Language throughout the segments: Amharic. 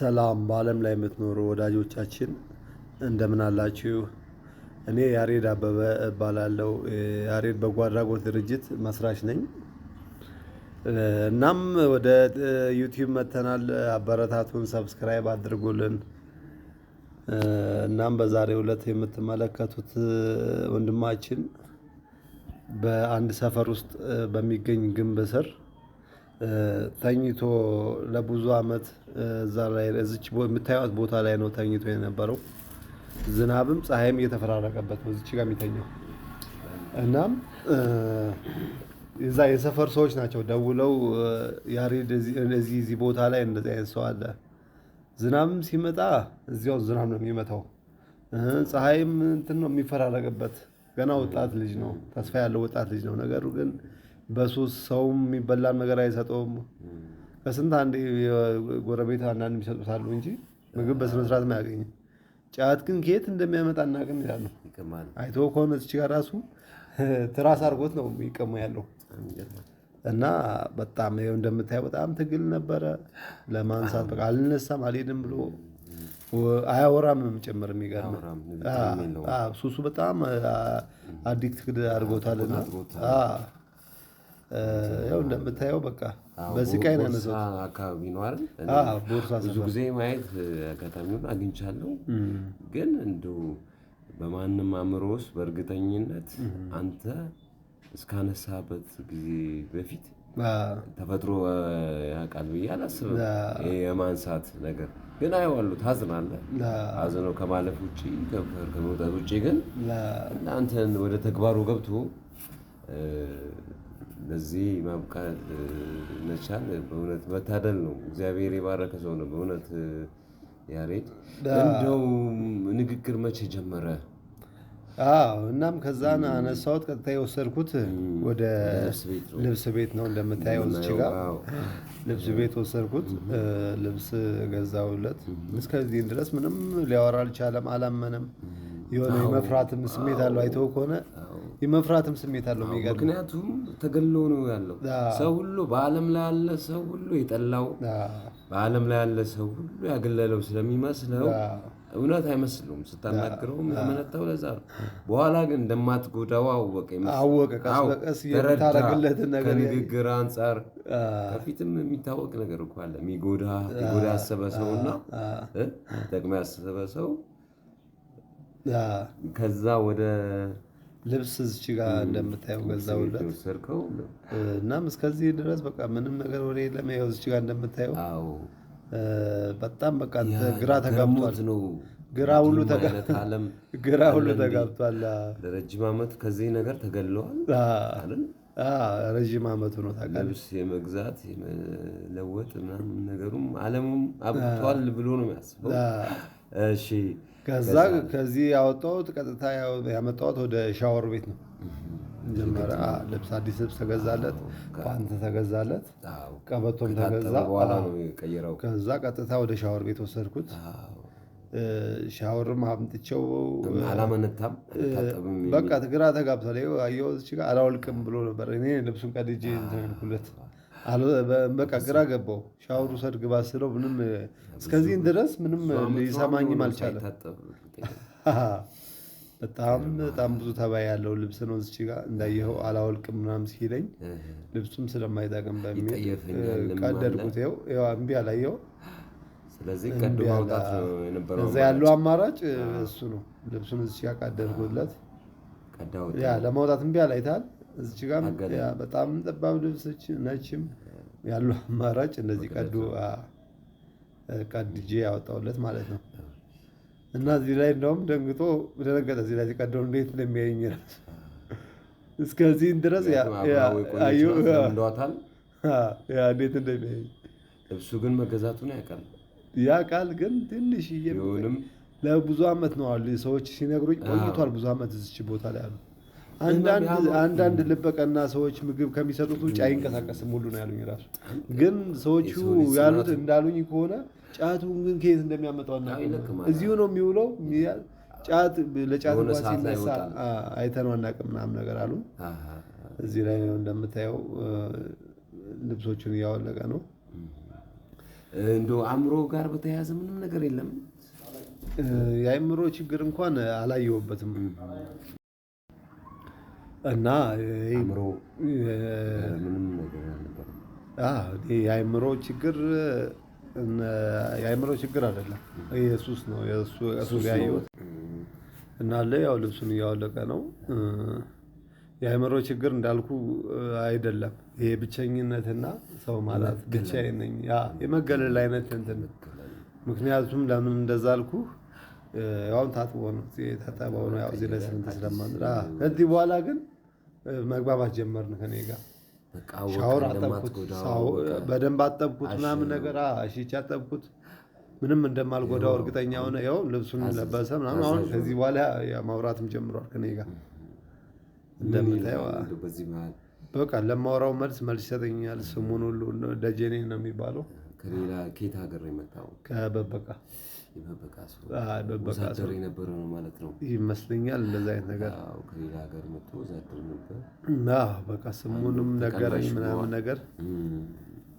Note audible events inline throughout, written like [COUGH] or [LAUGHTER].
ሰላም በዓለም ላይ የምትኖሩ ወዳጆቻችን እንደምን አላችሁ? እኔ ያሬድ አበበ እባላለሁ። ያሬድ በጎ አድራጎት ድርጅት መስራች ነኝ። እናም ወደ ዩቲዩብ መጥተናል። አበረታቱን፣ ሰብስክራይብ አድርጉልን። እናም በዛሬው ዕለት የምትመለከቱት ወንድማችን በአንድ ሰፈር ውስጥ በሚገኝ ግንብ ስር ተኝቶ ለብዙ አመት እዛ ላይ እዚች የምታዩት ቦታ ላይ ነው ተኝቶ የነበረው። ዝናብም ፀሐይም እየተፈራረቀበት ነው እዚች ጋር የሚተኘው። እናም እዛ የሰፈር ሰዎች ናቸው ደውለው ያሬድ እዚህ እዚህ ቦታ ላይ እንደዚህ አይነት ሰው አለ፣ ዝናብም ሲመጣ እዚያው ዝናብ ነው የሚመታው፣ ፀሐይም እንትን ነው የሚፈራረቅበት። ገና ወጣት ልጅ ነው፣ ተስፋ ያለው ወጣት ልጅ ነው። ነገሩ ግን በሱስ ሰውም የሚበላን ነገር አይሰጠውም። ከስንት አንድ ጎረቤት አንዳንድ የሚሰጡት አሉ እንጂ ምግብ በስነ ስርዓት አያገኝም። ጫት ግን ከየት እንደሚያመጣ እናቅም ይላሉ። አይቶ ከሆነ እዚች ጋር ራሱ [LAUGHS] ትራስ አድርጎት ነው የሚቀሙ ያለው እና በጣም እንደምታየው በጣም ትግል ነበረ ለማንሳት። በቃ አልነሳም አልሄድም ብሎ አያወራም ጭምር የሚገርም ሱሱ በጣም አዲክት አድርጎታልና ያው እንደምታየው በቃ በስቃይ ነው ያነሳሁት። አካባቢ ነው አይደል? ብዙ ጊዜ ማየት አጋጣሚውን አግኝቻለሁ። ግን እንደው በማንም አእምሮ ውስጥ በእርግጠኝነት አንተ እስካነሳበት ጊዜ በፊት ተፈጥሮ ያውቃል ብዬ አላስብም። የማንሳት ነገር ግን አይዋሉ ታዝናለህ። አዝነው ከማለፍ ውጭ ከመውጣት ውጭ ግን እናንተን ወደ ተግባሩ ገብቶ ለዚህ ማብቃት መቻል በእውነት መታደል ነው። እግዚአብሔር የባረከ ሰው ነው በእውነት ያሬድ። እንደው ንግግር መቼ ጀመረ? እናም ከዛን አነሳሁት ቀጥታ የወሰድኩት ወደ ልብስ ቤት ነው። እንደምታየው እዚህ ልብስ ቤት ወሰድኩት። ልብስ ገዛሁለት። እስከዚህ ድረስ ምንም ሊያወራ አልቻለም፣ አላመነም። የሆነ የመፍራትም ስሜት አለው። አይተው ከሆነ የመፍራትም ስሜት አለው። ምክንያቱም ተገሎ ነው ያለው ሰው ሁሉ በዓለም ላይ ያለ ሰው ሁሉ የጠላው በዓለም ላይ ያለ ሰው ሁሉ ያገለለው ስለሚመስለው እውነት አይመስሉም ስታናግረውም ያመነታው ለዛ ነው። በኋላ ግን እንደማትጎዳው አወቀ አወቀ ነገር ከንግግር አንጻር ከፊትም የሚታወቅ ነገር እኮ አለ። የሚጎዳ የጎዳ ያሰበ ሰው እና ጠቅሞ ያሰበ ሰው ከዛ ወደ ልብስ እዚች ጋ እንደምታየው ገዛውለት እናም እስከዚህ ድረስ በቃ ምንም ነገር ወደ የለም። ያው እዚች ጋ እንደምታየው በጣም በቃ ግራ ተጋብቷል። ነው ግራ ሁሉ ተጋብቷል። [LAUGHS] ግራ ሁሉ ተጋብቷል። ለረጅም ዓመት ከዚህ ነገር ተገለዋል። ረዥም ዓመቱ ነው ታውቃለህ። ልብስ የመግዛት የመለወጥ ምናምን ነገሩም ዓለሙም አብቷል ብሎ ነው የሚያስበው እሺ ከዛ ከዚህ ያወጣሁት ቀጥታ ያመጣሁት ወደ ሻወር ቤት ነው። ጀመረ ልብስ አዲስ ልብስ ተገዛለት፣ ፓንት ተገዛለት፣ ቀበቶም ተገዛ። ከዛ ቀጥታ ወደ ሻወር ቤት ወሰድኩት። ሻወርም አምጥቼው አላመነታም። በቃ ግራ ተጋብቷል። አየሁ እዚህ ጋር አላወልቅም ብሎ ነበር። እኔ ልብሱን ቀድጄ ተልኩለት። በቃ ግራ ገባው። ሻወር ውሰድ ግባ ስለው ምንም እስከዚህን ድረስ ምንም ሊሰማኝም አልቻለም። በጣም በጣም ብዙ ተባይ ያለው ልብስ ነው እዚች ጋ እንዳየኸው አላወልቅም ምናምን ሲለኝ ልብሱም ስለማይጠቅም በሚል ቀደድኩት። ይኸው እምቢ አላየኸው። እዛ ያለው አማራጭ እሱ ነው። ልብሱን እዚች ጋ ቀደድኩለት። ያ ለማውጣት እምቢ አላይታል እዚች በጣም ጠባብ ልብሶች ነችም ያሉ አማራጭ እንደዚህ ቀዶ ቀድጄ ማለት ነው። እና እዚህ ላይ እንደውም ደንግጦ ደነገጠ። እዚህ ላይ ቀደው እንዴት እንደሚያየኝ [LAUGHS] እስከዚህን ድረስ እንዴት እንደሚያየኝ እሱ ግን መገዛቱን ያውቃል ግን ትንሽ ለብዙ ዓመት ነው አሉ ሰዎች ሲነግሩኝ ቆይቷል። ብዙ ዓመት እዚች ቦታ ላይ አሉ አንዳንድ ልበቀና ሰዎች ምግብ ከሚሰጡት ውጭ አይንቀሳቀስም ሁሉ ነው ያሉኝ። ራሱ ግን ሰዎቹ ያሉት እንዳሉኝ ከሆነ ጫቱ ግን ከየት እንደሚያመጣው አናውቅም። እዚሁ ነው የሚውለው። ጫት ለጫት እንኳን ሲነሳ አይተነው አናውቅም ምናምን ነገር አሉ። እዚህ ላይ ነው እንደምታየው ልብሶቹን እያወለቀ ነው። እንዶ አእምሮ ጋር በተያያዘ ምንም ነገር የለም። የአእምሮ ችግር እንኳን አላየሁበትም። እና የአእምሮ ችግር የአእምሮ ችግር አይደለም፣ ኢየሱስ ነው እሱ ያየሁት እና አለ ያው ልብሱን እያወለቀ ነው። የአእምሮ ችግር እንዳልኩ አይደለም። ይሄ ብቸኝነትና ሰው ማለት ብቻዬን ነኝ የመገለል አይነት እንትን። ምክንያቱም ለምን እንደዛ አልኩ? ያው ታጥቦ ነው የታጠበው ነው ያው እዚህ ላይ ስለማንራ ከዚህ በኋላ ግን መግባባት ጀመርን ከኔ ጋር ሻወር አጠብኩት፣ በደንብ አጠብኩት ምናምን ነገር አሽቼ አጠብኩት። ምንም እንደማልጎዳው እርግጠኛ ሆነ። ያው ልብሱን ለበሰ ምናምን። አሁን ከዚህ በኋላ ማውራትም ጀምሯል ከኔ ጋር እንደምታየው። በቃ ለማውራው መልስ መልስ ይሰጠኛል። ስሙን ሁሉ ደጀኔ ነው የሚባለው። ከሌላ ኬት ሀገር ነው የመጣው ከበበቃ ወታደር የነበረ ነው ማለት ነው ይመስለኛል። እንደዚህ አይነት ነገር ከሌላ ሀገር መጥቶ ወታደር ነበር። በቃ ስሙንም ነገረኝ ምናምን ነገር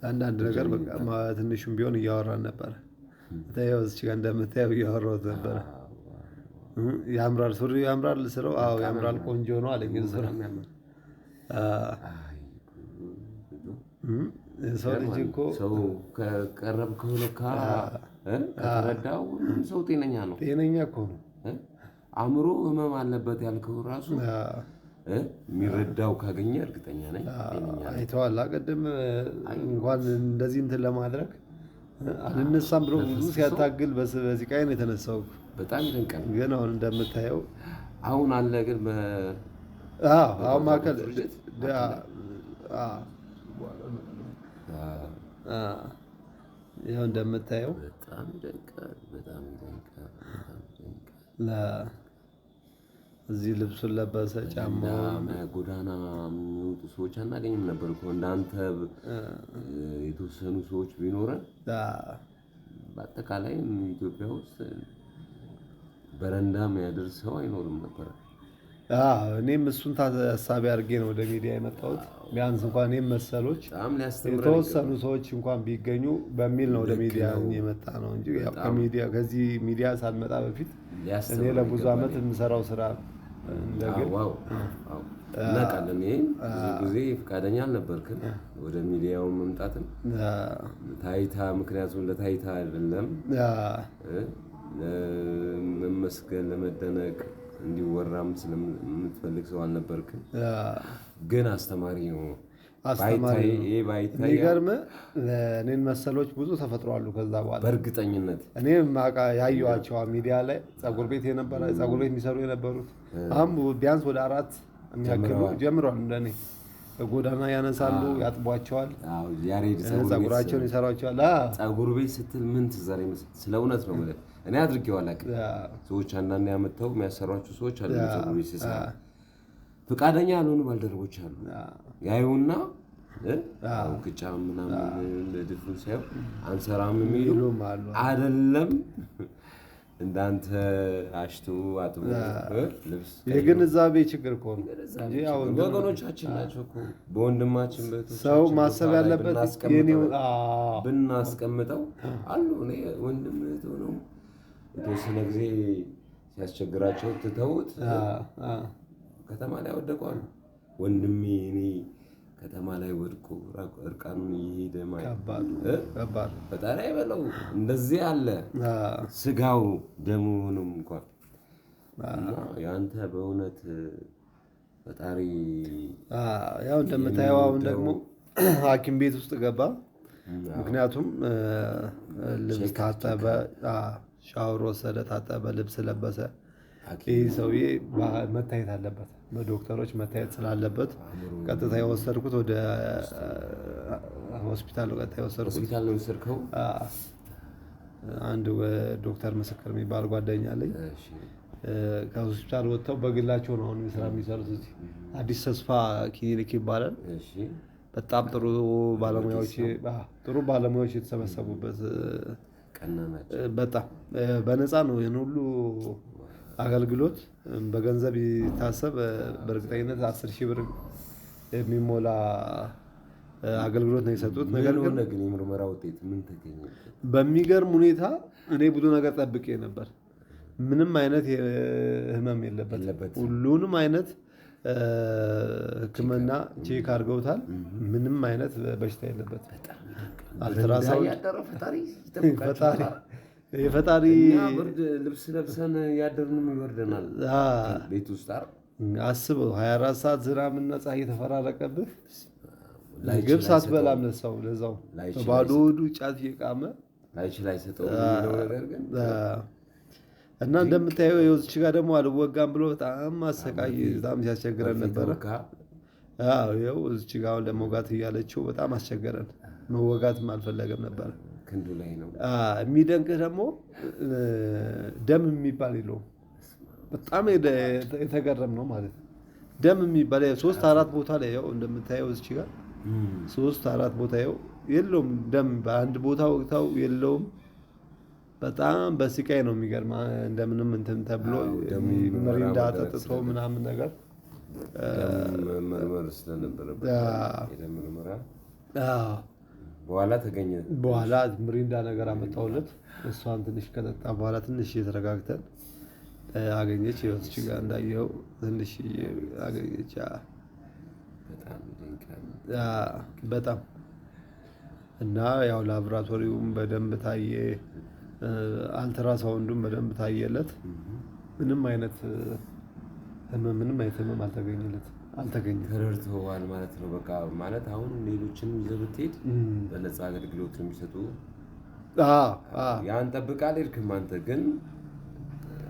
አንዳንድ ነገር በቃ ትንሹም ቢሆን እያወራን ነበረ። እዚህ ጋ እንደምታየው እያወራሁት ነበረ። ያምራል ሱሪ ያምራል ስለው፣ አዎ ያምራል፣ ቆንጆ ነው አለኝ። ሰው ልጅ እኮ ሰው ቀረብ ከሆነ ካ ከተረዳው ሁሉም ሰው ጤነኛ ነው። ጤነኛ እኮ ነው። አእምሮ ህመም አለበት ያልከው ራሱ የሚረዳው ካገኘ እርግጠኛ ነኝ አይተዋል። አቀድም እንኳን እንደዚህ እንትን ለማድረግ አልነሳም ብሎ ብዙ ሲያታግል በዚህ ቃይ ነው የተነሳው። በጣም ይደንቃል። ግን አሁን እንደምታየው አሁን አለ ግን አሁን ማዕከል ያው እንደምታየው በጣም ይደንቃል። በጣም ይደንቃል። በጣም ይደንቃል። እዚህ ልብሱን ለበሰ ጫማ ጎዳና የሚወጡ ሰዎች አናገኝም ነበር እኮ እንዳንተ የተወሰኑ ሰዎች ቢኖረን በአጠቃላይ ኢትዮጵያ ውስጥ በረንዳ የሚያደርስ ሰው አይኖርም ነበር። እኔም እሱን ታሳቢ አድርጌ ነው ወደ ሚዲያ የመጣሁት። ቢያንስ እንኳን እኔም መሰሎች የተወሰኑ ሰዎች እንኳን ቢገኙ በሚል ነው ወደ ሚዲያ የመጣ ነው እንጂ ከዚህ ሚዲያ ሳልመጣ በፊት እኔ ለብዙ ዓመት የምሰራው ስራ እንደግል እናውቃለን። ይሄ ብዙ ጊዜ ፈቃደኛ አልነበርክም ወደ ሚዲያው መምጣትም ታይታ፣ ምክንያቱም ለታይታ አይደለም ለመመስገን ለመደነቅ እንዲወራም ስለምትፈልግ ሰው አልነበርክም፣ ግን አስተማሪ ነው። እኔን መሰሎች ብዙ ተፈጥሯሉ። ከዛ በኋላ በእርግጠኝነት እኔ ያየኋቸው ሚዲያ ላይ ጸጉር ቤት የነበረ ጸጉር ቤት የሚሰሩ የነበሩት አሁን ቢያንስ ወደ አራት የሚያክሉ ጀምሯል። እንደኔ ጎዳና ያነሳሉ፣ ያጥቧቸዋል፣ ጸጉራቸውን ይሰሯቸዋል። ጸጉር ቤት ስትል ምን ትዘር ስለ እውነት ነው ማለት እኔ አድርጌው አላውቅም። ሰዎች አንዳንድ ያመጣው የሚያሰሯቸው ሰዎች አሉ። ጸጉሬ ስሰራ ፈቃደኛ ያልሆኑ ባልደረቦች አሉ። ያዩና ክጫ ምናምን ድፍን ሳይሆን አንሰራም የሚሉ አይደለም። እንዳንተ አሽቶ አጥቦ ልብስ የግንዛቤ ችግር እኮ ነው። ወገኖቻችን ናቸው እኮ በወንድማችን ሰው ማሰብ ያለበት ብናስቀምጠው አሉ ወንድም ሆነው የተወሰነ ጊዜ ሲያስቸግራቸው ትተውት ከተማ ላይ ወደቋሉ። ወንድሜ እኔ ከተማ ላይ ወድቆ እርቃኑን እየሄደ ፈጣሪ አይበለው። እንደዚህ አለ ስጋው ደሙ ሆኖም እንኳን የአንተ በእውነት ፈጣሪ ያው እንደምታየው አሁን ደግሞ ሐኪም ቤት ውስጥ ገባ። ምክንያቱም ልብስ ታጠበ። ሻወር ወሰደ፣ ታጠበ፣ ልብስ ለበሰ። ይህ ሰውዬ መታየት አለበት፣ በዶክተሮች መታየት ስላለበት ቀጥታ የወሰድኩት ወደ ሆስፒታል ቀጥታ የወሰድኩት አንድ ዶክተር ምስክር የሚባል ጓደኛ አለኝ። ከሆስፒታል ወጥተው በግላቸው ነው አሁን ስራ የሚሰሩት። እዚህ አዲስ ተስፋ ክሊኒክ ይባላል። በጣም ጥሩ ባለሙያዎች ጥሩ ባለሙያዎች የተሰበሰቡበት በጣም በነፃ ነው ይሄን ሁሉ አገልግሎት በገንዘብ ይታሰብ በእርግጠኝነት አስር ሺህ ብር የሚሞላ አገልግሎት ነው የሰጡት። ነገር ግን የምርመራ ውጤት ምን ተገኘ? በሚገርም ሁኔታ እኔ ብዙ ነገር ጠብቄ ነበር። ምንም አይነት ህመም የለበት ሁሉንም አይነት ሕክምና ቼክ አድርገውታል። ምንም አይነት በሽታ የለበት። አልትራሳውንድ የፈጣሪ ብርድ ልብስ ለብሰን ያደርንም ይወርደናል። ቤት ውስጥ አስበው 24 ሰዓት ዝናብና ፀሐይ የተፈራረቀብህ ምግብ ሳትበላም ለሰው ለዛው ባዶ ሆዱ ጫት እየቃመ ግን እና እንደምታየው የውዝች ጋር ደግሞ አልወጋም ብሎ በጣም አሰቃይ በጣም ሲያስቸግረን ነበረ። ው እዚች ጋ አሁን ለመውጋት እያለችው በጣም አስቸገረን። መወጋትም አልፈለገም ነበረ። የሚደንቅህ ደግሞ ደም የሚባል የለውም። በጣም የተገረም ነው ማለት ደም የሚባል ሶስት አራት ቦታ ላይ ው እንደምታየው እዚች ሶስት አራት ቦታ ው የለውም ደም በአንድ ቦታ ወቅታው የለውም በጣም በስቃይ ነው የሚገርም እንደምንም እንትን ተብሎ ምሪንዳ ጠጥቶ ምናምን ነገር መርመር ስለነበረበት በኋላ ተገኘ። በኋላ ምሪንዳ ነገር አመጣውለት። እሷን ትንሽ ከጠጣ በኋላ ትንሽ እየተረጋግተን አገኘች። ህይወትች ጋር እንዳየው ትንሽ አገኘች። በጣም እና ያው ላብራቶሪውም በደንብ ታየ። አልትራሳውንዱም በደንብ ታየለት። ምንም አይነት ህመም ምንም አይነት ህመም አልተገኘለት አልተገኘም። ተረድተዋል ማለት ነው። በቃ ማለት አሁን ሌሎችን ይዘህ ብትሄድ በነፃ አገልግሎት የሚሰጡ። ያን ጠብቃ አልሄድክም አንተ ግን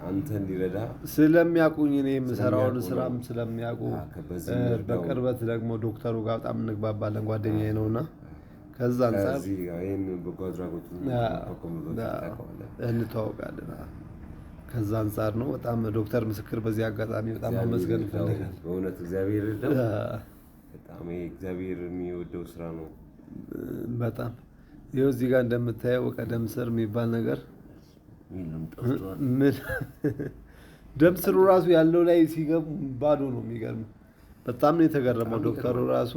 አንተ እንዲረዳ ስለሚያውቁኝ እኔ የምሰራውን ስራም ስለሚያውቁ በቅርበት ደግሞ ዶክተሩ ጋር በጣም እንግባባለን። ጓደኛዬ ነውና ከዛ አንጻር እንተዋወቃለን። ከዛ አንጻር ነው በጣም ዶክተር ምስክር በዚህ አጋጣሚ በጣም ማመስገን ይፈልጋል። በእውነት እግዚአብሔር በጣም እግዚአብሔር የሚወደው ስራ ነው። በጣም ይኸው እዚህ ጋር እንደምታየው ቀደም ስር የሚባል ነገር [LAUGHS] ደም ስሩ ራሱ ያለው ላይ ሲገቡ ባዶ ነው። የሚገርም በጣም ነው የተገረመው ዶክተሩ ራሱ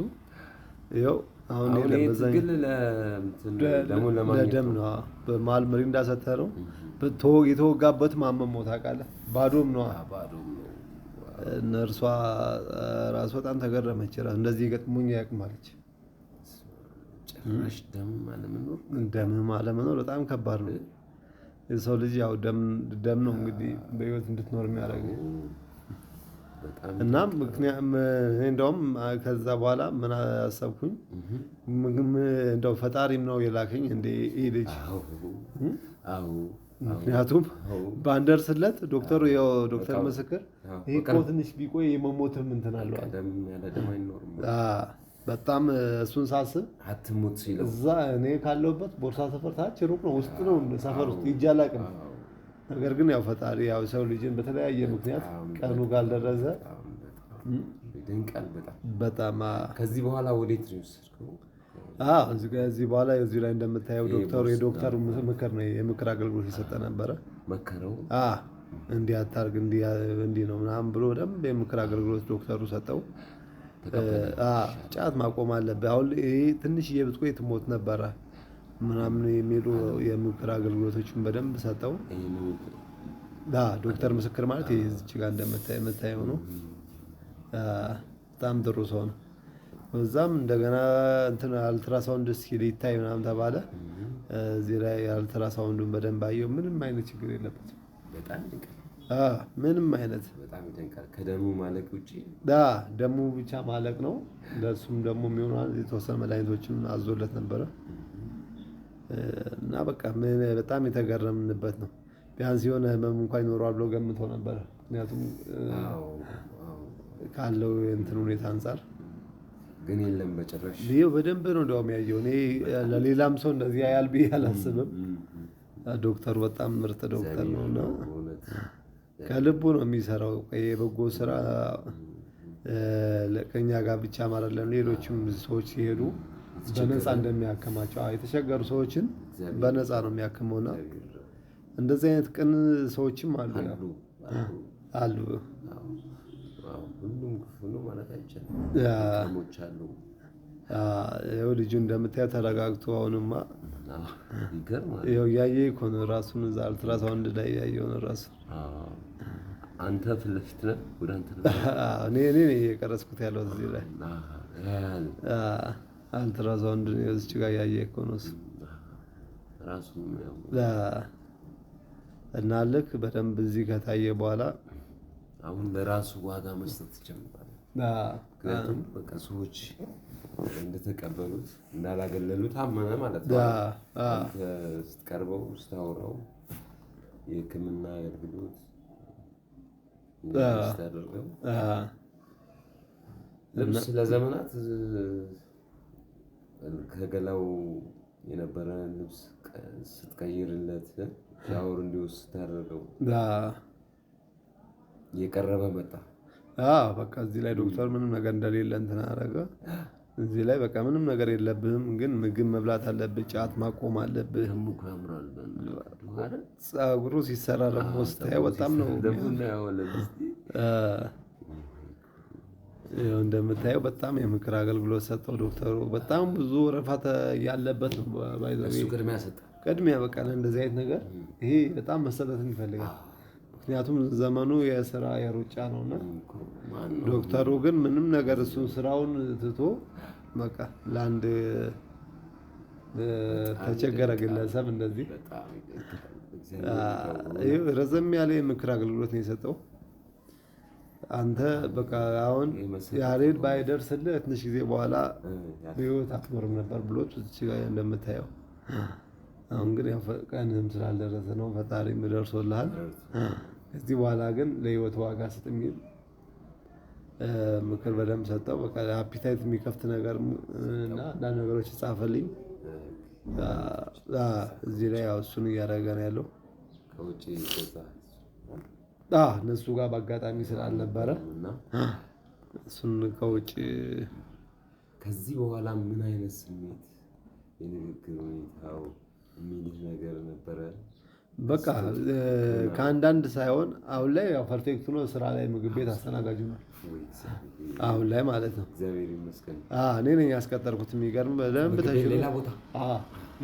ይኸው አሁን ትግል ለደም ነው። በመሀል ምሪንዳ ሰተረው የተወጋበት ማመም ሞት አውቃለህ። ባዶም ነው። እነርሷ ራሱ በጣም ተገረመች። እንደዚህ ገጥሞኝ አያውቅም አለች። ጭራሽ አለመኖር በጣም ከባድ ነው። የሰው ልጅ ያው ደም ነው እንግዲህ በህይወት እንድትኖር የሚያደርገው እና እንደውም ከዛ በኋላ ምን አሰብኩኝ፣ እንደው ፈጣሪም ነው የላከኝ እንደ ይህ ልጅ። ምክንያቱም በአንደርስለት ዶክተሩ ዶክተር ምስክር ይህ እኮ ትንሽ ቢቆይ የመሞትም እንትን አለው በጣም እሱን ሳስብ አትሙት ሲለው እዛ እኔ ካለሁበት ቦርሳ ሰፈር ታች ሩቅ ነው፣ ውስጥ ነው ሰፈር ውስጥ ይጃላቅ ነገር ግን ያው ፈጣሪ ያው ሰው ልጅን በተለያየ ምክንያት ቀኑ ጋር ደረሰ። በጣም ከዚህ በኋላ ወዴት ነው? ከዚህ በኋላ እዚህ ላይ እንደምታየው ዶክተሩ የዶክተሩ ምክር ነው የምክር አገልግሎት የሰጠ ነበረ። መከረው እንዲህ አታርግ እንዲህ ነው ምናምን ብሎ ደንብ የምክር አገልግሎት ዶክተሩ ሰጠው። ጫት ማቆም አለብህ። አሁን ይሄ ትንሽዬ ብትቆይ ትሞት ነበረ። ምናምን የሚሉ የምክር አገልግሎቶችን በደንብ ሰጠው። ዶክተር ምስክር ማለት እዚች ጋር እንደምታየው ነው። በጣም ጥሩ ሰው ነው። በዛም እንደገና እንትን አልትራሳውንድ እስኪ ሊታይ ምናምን ተባለ። እዚህ ላይ አልትራሳውንዱን በደንብ አየው። ምንም አይነት ችግር የለበትም። ምንም አይነት ከደሙ ማለቅ ውጭ ደሙ ብቻ ማለቅ ነው። ለእሱም ደግሞ የሚሆኑ የተወሰነ መድኃኒቶችን አዞለት ነበረ። እና በቃ በጣም የተገረምንበት ነው። ቢያንስ የሆነ ህመም እንኳን ይኖረዋል ብሎ ገምቶ ነበረ። ምክንያቱም ካለው የእንትን ሁኔታ አንጻር ግን የለም በጭራሽ። በደንብ ነው እንደውም ያየው። እኔ ለሌላም ሰው እንደዚህ ያያል ብዬ አላስብም። ዶክተሩ በጣም ምርጥ ዶክተር ነው እና ከልቡ ነው የሚሰራው። የበጎ ስራ ከኛ ጋር ብቻ ማለት ሌሎችም ሰዎች ሲሄዱ በነፃ እንደሚያከማቸው የተቸገሩ ሰዎችን በነፃ ነው የሚያክመውና እንደዚህ አይነት ቅን ሰዎችም አሉ አሉ። ሁሉም ክፉ ነው ማለት አይቻልም። ይኸው ልጁ እንደምታየው ተረጋግቶ አሁንማ ይኸው እያየ እኮ ነው ራሱን እዛ አልትራሳውንድ ላይ ያየው ነው ራሱ። አንተ ፊት ለፊት ነህ፣ ወደ አንተ ነው እኔ እኔ የቀረጽኩት ያለው እዚህ ላይ አልትራሳውንድ ነው እዚች ጋር ያየ እኮ ነው እሱ እና ልክ በደንብ እዚህ ከታየ በኋላ አሁን ለራሱ ዋጋ መስጠት ይጀምራል። በቃ ሰዎች እንደተቀበሉት እንዳላገለሉት አመነ ማለት ነው። ስትቀርበው፣ ስታወራው የሕክምና አገልግሎት ስታደርገው ልብስ ለዘመናት ከገላው የነበረ ልብስ ስትቀይርለት ሻወር እንዲወስድ ስታደርገው እየቀረበ መጣ። በቃ እዚህ ላይ ዶክተር ምንም ነገር እንደሌለ እንትን አደረገ። እዚህ ላይ በቃ ምንም ነገር የለብህም፣ ግን ምግብ መብላት አለብህ፣ ጫት ማቆም አለብህ። ሲሰራ ደግሞ ስታየው በጣም ነው እንደምታየው በጣም የምክር አገልግሎት ሰጠው። ዶክተሩ በጣም ብዙ ረፋት ያለበት ነው። ቅድሚያ ሰጠ። ቅድሚያ በቃ እንደዚህ አይነት ነገር ይሄ በጣም መሰጠትን ይፈልጋል። ምክንያቱም ዘመኑ የስራ የሩጫ ነውና፣ ዶክተሩ ግን ምንም ነገር እሱን ስራውን ትቶ በቃ ለአንድ ተቸገረ ግለሰብ እንደዚህ ረዘም ያለ የምክር አገልግሎት ነው የሰጠው። አንተ በቃ አሁን ያሬድ ባይደርስልህ ትንሽ ጊዜ በኋላ በህይወት አትኖርም ነበር ብሎት እዚህ እንደምታየው አሁን ግን ቀንህም ስላልደረሰ ነው ፈጣሪም ደርሶልሃል። ከዚህ በኋላ ግን ለህይወት ዋጋ ስጥ የሚል ምክር በደንብ ሰጠው። በቃ አፒታይት የሚከፍት ነገር እና አንዳንድ ነገሮች ጻፈልኝ። እዚህ ላይ እሱን እያደረገ ነው ያለው ከውጭ እነሱ ጋር በአጋጣሚ ስላልነበረ እሱን ከውጭ ከዚህ በኋላ ምን አይነት ስሜት የንግግር ሁኔታው ነገር ነበረ? በቃ ከአንዳንድ ሳይሆን አሁን ላይ ያው ፐርፌክት ነው። ስራ ላይ ምግብ ቤት አስተናጋጅ ነው አሁን ላይ ማለት ነው። እግዚአብሔር እኔ ነኝ ያስቀጠርኩት። የሚገርም በደንብ ሌላ ቦታ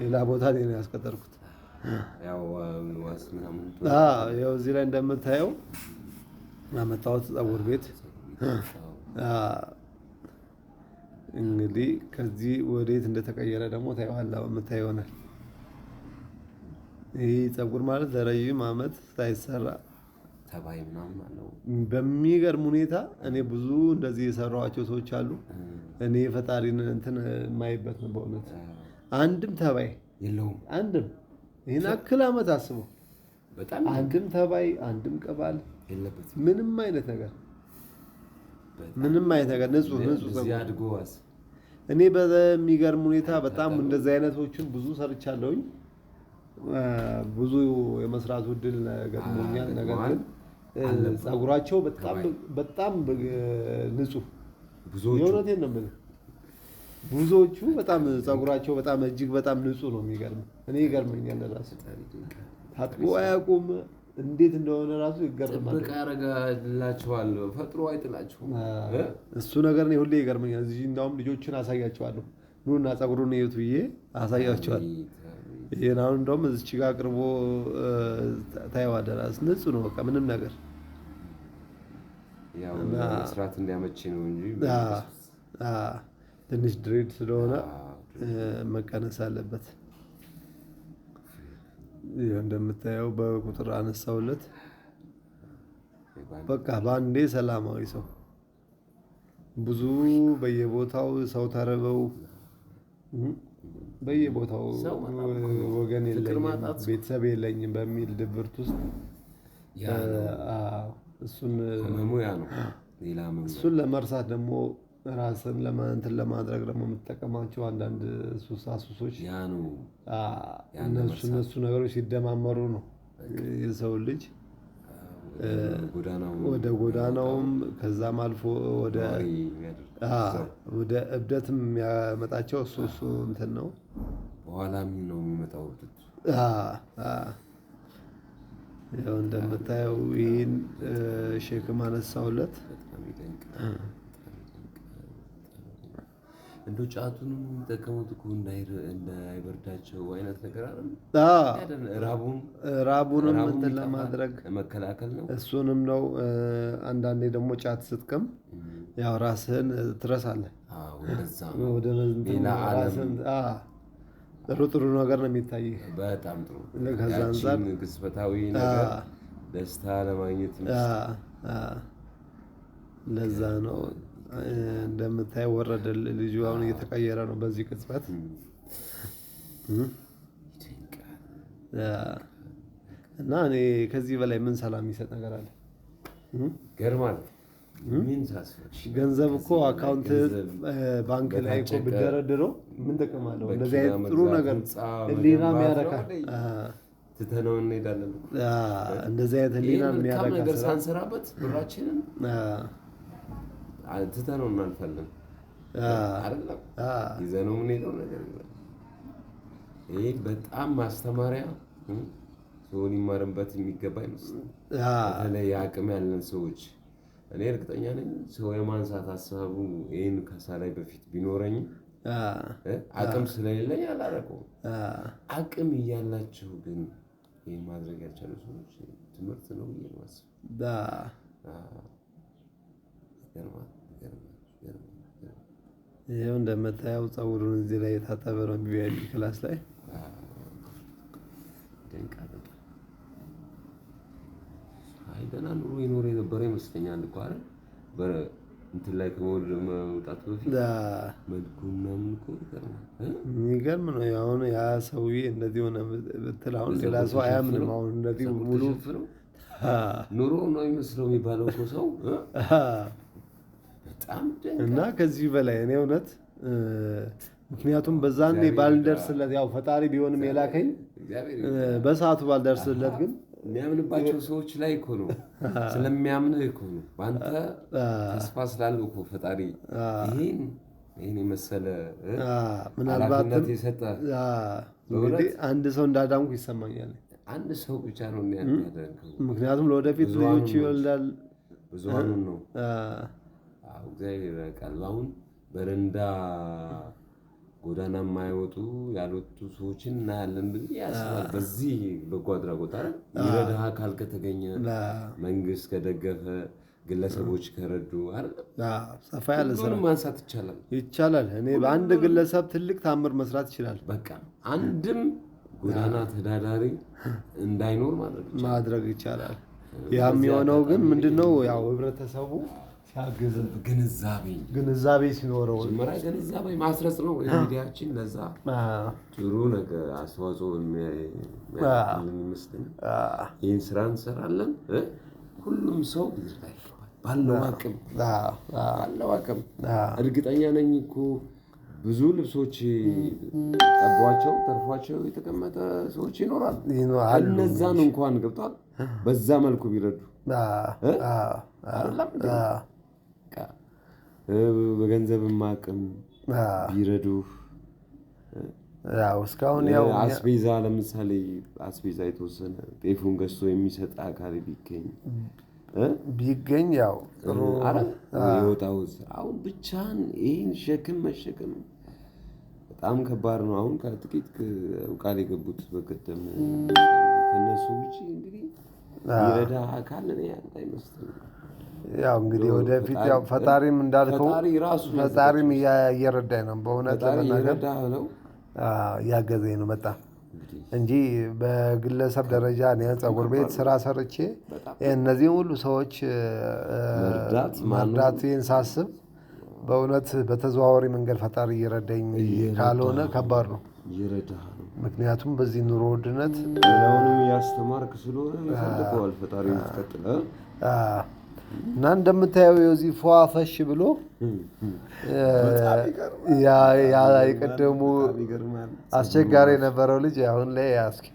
ሌላ ቦታ ነው ያስቀጠርኩት። ያው እዚህ ላይ እንደምታየው አመጣሁት ፀጉር ቤት። እንግዲህ ከዚህ ወዴት እንደተቀየረ ደግሞ ታየዋለህ፣ የምታየው ይሆናል። ይህ ፀጉር ማለት ለረዥም አመት ሳይሰራ በሚገርም ሁኔታ እኔ ብዙ እንደዚህ የሰራኋቸው ሰዎች አሉ። እኔ ፈጣሪን እንትን የማይበት ነው በእውነት አንድም ተባይ የለውም አንድም ይህን አክል አመት አስበው። አንድም ተባይ አንድም ቅባል ምንም አይነት ነገር ምንም አይነት ነገር ንጹህ ንጹህ እኔ በሚገርም ሁኔታ በጣም እንደዚህ አይነቶችን ብዙ ሰርቻለሁኝ። ብዙ የመስራት ውድል ገጥሞኛል። ነገር ግን ጸጉራቸው በጣም በጣም ንጹህ የእውነቴን ነው የምልህ ብዙዎቹ በጣም ጸጉራቸው በጣም እጅግ በጣም ንጹህ ነው የሚገርም እኔ ይገርመኛል ራሱ ታጥቦ አያውቁም። እንዴት እንደሆነ ራሱ ይገርማል። ጥብቅ ያደርጋላችኋል፣ ፈጥሮ አይጥላችሁም። እሱ ነገር እኔ ሁሌ ይገርመኛል። እዚህ እንዳውም ልጆችን አሳያቸዋለሁ፣ ኑና ጸጉሩን እዩት ብዬ አሳያቸዋል። ይህን አሁን እንደውም እዚች ጋ አቅርቦ ታየዋለህ። ራስ ንጹህ ነው፣ በቃ ምንም ነገር ስርዓት እንዲያመች ነው እንጂ ትንሽ ድሬድ ስለሆነ መቀነስ አለበት። እንደምታየው በቁጥር አነሳውለት። በቃ በአንዴ ሰላማዊ ሰው ብዙ በየቦታው ሰው ተርበው በየቦታው ወገን የለኝም ቤተሰብ የለኝም በሚል ድብርት ውስጥ እሱን እሱን ለመርሳት ደግሞ ራስን ለማንትን ለማድረግ ደግሞ የምጠቀማቸው አንዳንድ ሱሳ ሱሶች እነሱ እነሱ ነገሮች ሲደማመሩ ነው የሰው ልጅ ወደ ጎዳናውም ከዛም አልፎ ወደ እብደትም የሚያመጣቸው እሱ እሱ እንትን ነው። በኋላም ነው የሚመጣው። ያው እንደምታየው ይህን ሼክ ማነሳውለት እንዶ ጫቱን የሚጠቀሙት እኮ እንዳይበርዳቸው አይነት ነገር አለ። ራቡን ራቡንም እንትን ለማድረግ መከላከል ነው፣ እሱንም ነው። አንዳንዴ ደግሞ ጫት ስትቅም ያው ራስህን ትረሳለህ። ጥሩ ጥሩ ነገር ነው የሚታይህ። በጣም ጥሩ ከዛ አንጻር ቅጽበታዊ ነገር ደስታ ለማግኘት ለዛ ነው እንደምታየው ወረደ ልጁ። አሁን እየተቀየረ ነው በዚህ ቅጽበት። እና እኔ ከዚህ በላይ ምን ሰላም የሚሰጥ ነገር አለ? ገርማል። ገንዘብ እኮ አካውንት ባንክ ላይ እኮ ብደረድሮ ምን ጥቅም አለው? እንደዚህ አይነት ጥሩ ነገር ህሊና የሚያረካ ትተነው እንሄዳለን። እንደዚህ አይነት ህሊና የሚያረካ ነገር ሳንሰራበት ብራችንን ነው እናልፋለን። አይደለም ይዘነው የምንሄደው ነገር ይሄ በጣም ማስተማሪያ ሰውን ይማርበት የሚገባ ይመስላል። በተለይ አቅም ያለን ሰዎች እኔ እርግጠኛ ነኝ ሰው የማንሳት ሀሳቡ ይህን ላይ በፊት ቢኖረኝም አቅም ስለሌለኝ አላረገውም። አቅም እያላቸው ግን ይህን ማድረግ ያልቻሉ ሰዎች ትምህርት ነው ብዬ ማስብ ይኸው እንደምታየው ፀጉሩን እዚህ ላይ የታጠበ ነው። ክላስ ላይ ደህና ኑሮ ይኖር የነበረ ይመስለኛል እኮ አይደል? እንትን ላይ ከመውለድ መውጣት በፊት መልኩ ምናምን እኮ የሚገርም ነው። አሁን ያ ሰውዬ እንደዚህ ሆነ ብትል አሁን ሌላ ሰው አያምንም። አሁን እንደዚህ ሙሉ ኑሮ ነው የሚመስለው የሚባለው እኮ ሰው እና ከዚህ በላይ እኔ እውነት ምክንያቱም በዛኔ ባልደርስለት ያው ፈጣሪ ቢሆንም የላከኝ በሰዓቱ ባልደርስለት ግን የሚያምንባቸው ሰዎች ላይ እኮ ነው። ስለሚያምንህ እኮ ነው። በአንተ ተስፋ ስላለው እኮ ፈጣሪ ይህን ይህን የመሰለ ምናልባት የሰጠ እንግዲህ አንድ ሰው እንዳዳምኩ ይሰማኛል። አንድ ሰው ብቻ ነው። ምክንያቱም ለወደፊት ልጆች ይወልዳል። ብዙሃኑን ነው እግዚአብሔር ያውቃል። አሁን በረንዳ ጎዳና የማይወጡ ያልወጡ ሰዎችን እናያለን ብዬ ያስባል። በዚህ በጎ አድራጎት አይደል የሚረዳ አካል ከተገኘ መንግስት ከደገፈ ግለሰቦች ከረዱ ሰፋ ያለ ስራ ማንሳት ይቻላል ይቻላል። እኔ በአንድ ግለሰብ ትልቅ ታምር መስራት ይችላል። በቃ አንድም ጎዳና ተዳዳሪ እንዳይኖር ማድረግ ይቻላል። ያም የሆነው ግን ምንድነው ያው ህብረተሰቡ ግንዛቤ ግንዛቤ ሲኖረው ጀመራ ግንዛቤ ማስረጽ ነው። ሚዲያችን ለዛ ጥሩ ነገር አስተዋጽኦ የሚመስለኝ ይህን ስራ እንሰራለን። ሁሉም ሰው ባለው አቅም ባለው አቅም እርግጠኛ ነኝ እኮ ብዙ ልብሶች ጠቧቸው ተርፏቸው የተቀመጠ ሰዎች ይኖራል። እነዛን እንኳን ገብቷል በዛ መልኩ ቢረዱ በገንዘብም አቅም ቢረዱ እስካሁን ያው አስቤዛ ለምሳሌ አስቤዛ የተወሰነ ጤፉን ገዝቶ የሚሰጥ አካል ቢገኝ ቢገኝ ያው ጥሩ የወጣው አሁን ብቻን ይህን ሸክም መሸክም በጣም ከባድ ነው። አሁን ከጥቂት ቃል የገቡት በቀደም ከነሱ ውጭ እንግዲህ ይረዳ አካል እኔ አይመስለኝም። ያው እንግዲህ ወደፊት ያው ፈጣሪም እንዳልከው ፈጣሪም እየረዳኝ ነው፣ በእውነት ለመናገር እያገዘኝ ነው በጣም እንጂ በግለሰብ ደረጃ ጸጉር ቤት ስራ ሰርቼ እነዚህን ሁሉ ሰዎች መርዳትን ሳስብ በእውነት በተዘዋወሪ መንገድ ፈጣሪ እየረዳኝ ካልሆነ ከባድ ነው። ምክንያቱም በዚህ ኑሮ ውድነት እያስተማርክ ስለሆነ እና እንደምታየው የዚህ ፏ ፈሽ ብሎ የቀደሙ አስቸጋሪ የነበረው ልጅ አሁን ላይ ያስኪ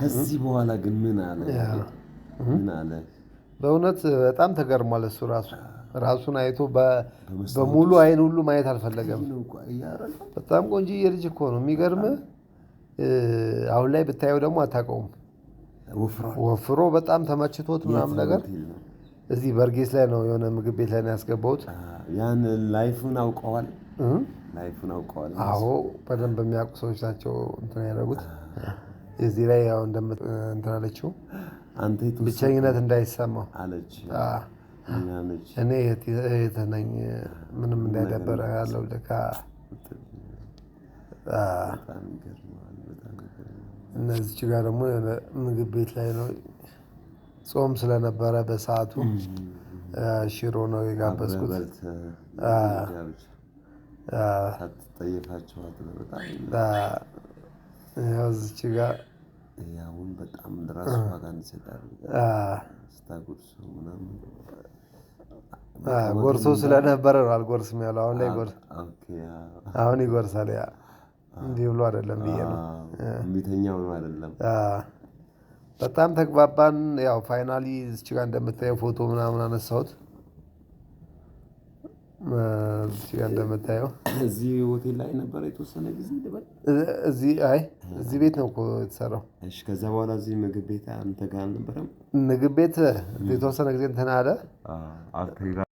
ከዚህ በኋላ ግን ምን አለ ምን አለ? በእውነት በጣም ተገርሟል። እሱ ራሱ ራሱን አይቶ በሙሉ አይን ሁሉ ማየት አልፈለገም። በጣም ቆንጆ የልጅ እኮ ነው የሚገርም። አሁን ላይ ብታየው ደግሞ አታውቀውም። ወፍሮ በጣም ተመችቶት ምናምን ነገር እዚህ በርጌስ ላይ ነው የሆነ ምግብ ቤት ላይ ነው ያስገባሁት። ያን ላይፉን አውቀዋል፣ ላይፉን አውቀዋል። አዎ በደንብ የሚያውቁ ሰዎች ናቸው እንትን ያደረጉት። እዚህ ላይ ያው እንትን አለችው፣ ብቸኝነት እንዳይሰማው እኔ እህት ነኝ፣ ምንም እንዳይደበረ ያለው ልካ እነዚች ጋር ደግሞ የሆነ ምግብ ቤት ላይ ነው ጾም ስለነበረ በሰዓቱ ሽሮ ነው የጋበዝኩት። እዚች ጋር በጣም ጎርሶ ስለነበረ ነው አልጎርስም ያለው። አሁን ላይ ጎርስ አሁን ይጎርሳል ያ እንዲህ ብሎ አይደለም ብዬ ነው። እምቢተኛው ነው አይደለም። በጣም ተግባባን። ያው ፋይናሊ እዚች ጋር እንደምታየው ፎቶ ምናምን አነሳሁት። ጋ ጋር እንደምታየው እዚህ ሆቴል ላይ ነበረ የተወሰነ ጊዜ። እዚህ አይ እዚህ ቤት ነው እኮ የተሰራው። እሺ፣ ከዛ በኋላ እዚህ ምግብ ቤት አንተ ጋር አልነበረም? ምግብ ቤት የተወሰነ ጊዜ እንትን አለ